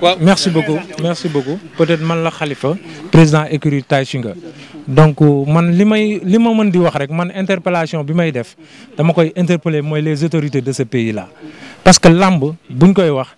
waaw merci beaucoup merci beaucoup peut-être man la xalifa président écurie Tay Shinga donc euh, man li may li ma mën di wax rek man interpellation bi may def dama koy interpeller mooy les autorités de ce pays là. parce que làmb buñ koy wax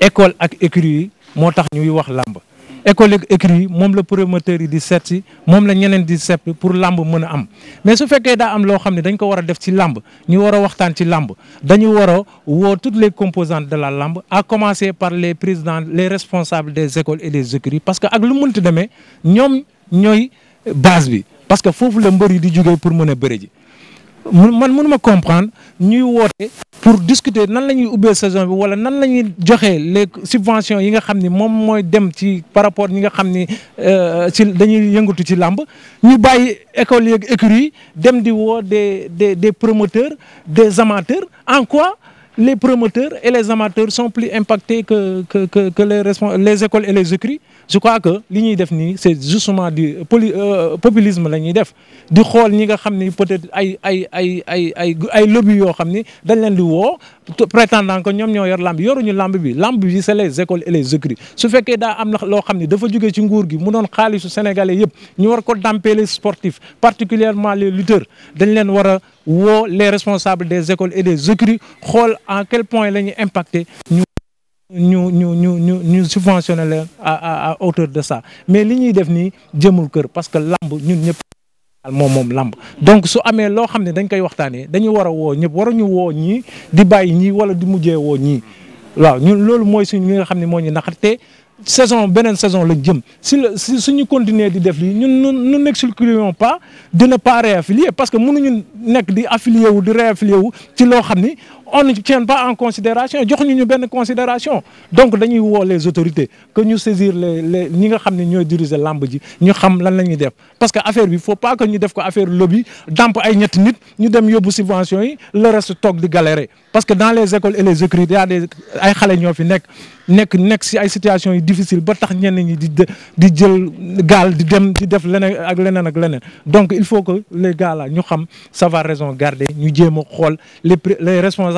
école ak écurie yi moo tax ñuy wax làmb. école écrit moom la promoteur yi di seet si moom la ñeneen di seet pour lamb mën am mais su fekkee daa am loo xam ne dañ ko war a def ci làmb ñu war a waxtaan ci làmb dañu war a woo toutes les composantes de la lamb à commencer par les présidents les responsables des écoles et des écuries parce que ak lu mënti demee ñoom ñooy base bi parce que foofu la mbër yi di jógee pour mën a bëre ji man mënuma comprendre ñuy woote pour discuter nan la ñuy ubbee saison bi wala nan la ñuy joxee les subventions yi nga xam ni moom mooy dem ci par rapport ñi nga xam ni euh, ci dañuy yëngatu ci làmb ñu bàyyi école yeeg écurie dem di woo des des des promoteurs des amateurs en quoi les promoteurs et les amateurs sont plus impactés que que que que les les écoles et les écuries je crois que li ñuy def nii c'est justement du poli euh, populisme la ñuy def di xool ñi nga xam ni peut-être ay ay ay ay ay ay lobby yoo xam ni dañ leen di woo prétendant que ñoom ñoo yor lamb ñu lamb bi lamb bi c'est les écoles et les écuries su fekkee daa am na loo xam ni dafa jógee ci nguur gi mu doon xaalisu sénégalais yëpp ñu war ko damper les sportifs particulièrement les lutteurs dañ leen war a woo les responsables des écoles et des écuries xool en quel point la ñuy impacter ñu ñu ñu ñu ñu subventionné leen à à de ça mais li ñuy def nii jëmul kër parce que lamb ñun ñëpp moom moom lamb donc su amee loo xam ne dañ koy waxtaanee dañu war a woo ñëpp ñu woo ñii di bàyyi ñii wala di mujjee woo ñii waaw ñun loolu mooy suñ li nga xam ni moo ñu naqar te saison beneen saison lañ jëm si la si suñu continuer di def lii ñun ñun nous n'excluons pas de ne pas réaffilier parce que mënuñu nekk di affilier wu di réaffilier wu ci loo xam ni on ne tient pas en considération joxuñu ñu benn considération donc dañuy woo les autorités que ñu saisir les les ñi nga xam ne ñooy diriger lamb ji ñu xam lan la ñuy def parce que affaire bi faut pas que ñu def ko affaire lobby damp ay ñetti nit ñu dem yóbbu subvention yi le reste toog di galérer parce que dans les écoles et les écrits y a ay xale ñoo fi nekk nekk nekk si ay situation yu difficile ba tax ñenn ñi di di jël gaal di dem di def leneen ak leneen ak leneen donc il faut que les gars ñu xam savoir raison garder jéem a xool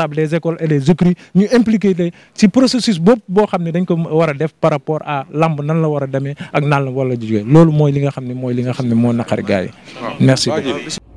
responsables des écoles et des écuries ñu impliqué leen processus boobu boo xam ne dañ ko war a def par rapport a lamb nan la war a demee ak nan la war a jugee loolu mooy li nga xam ne mooy li nga xam ne moo naqari gars yi merci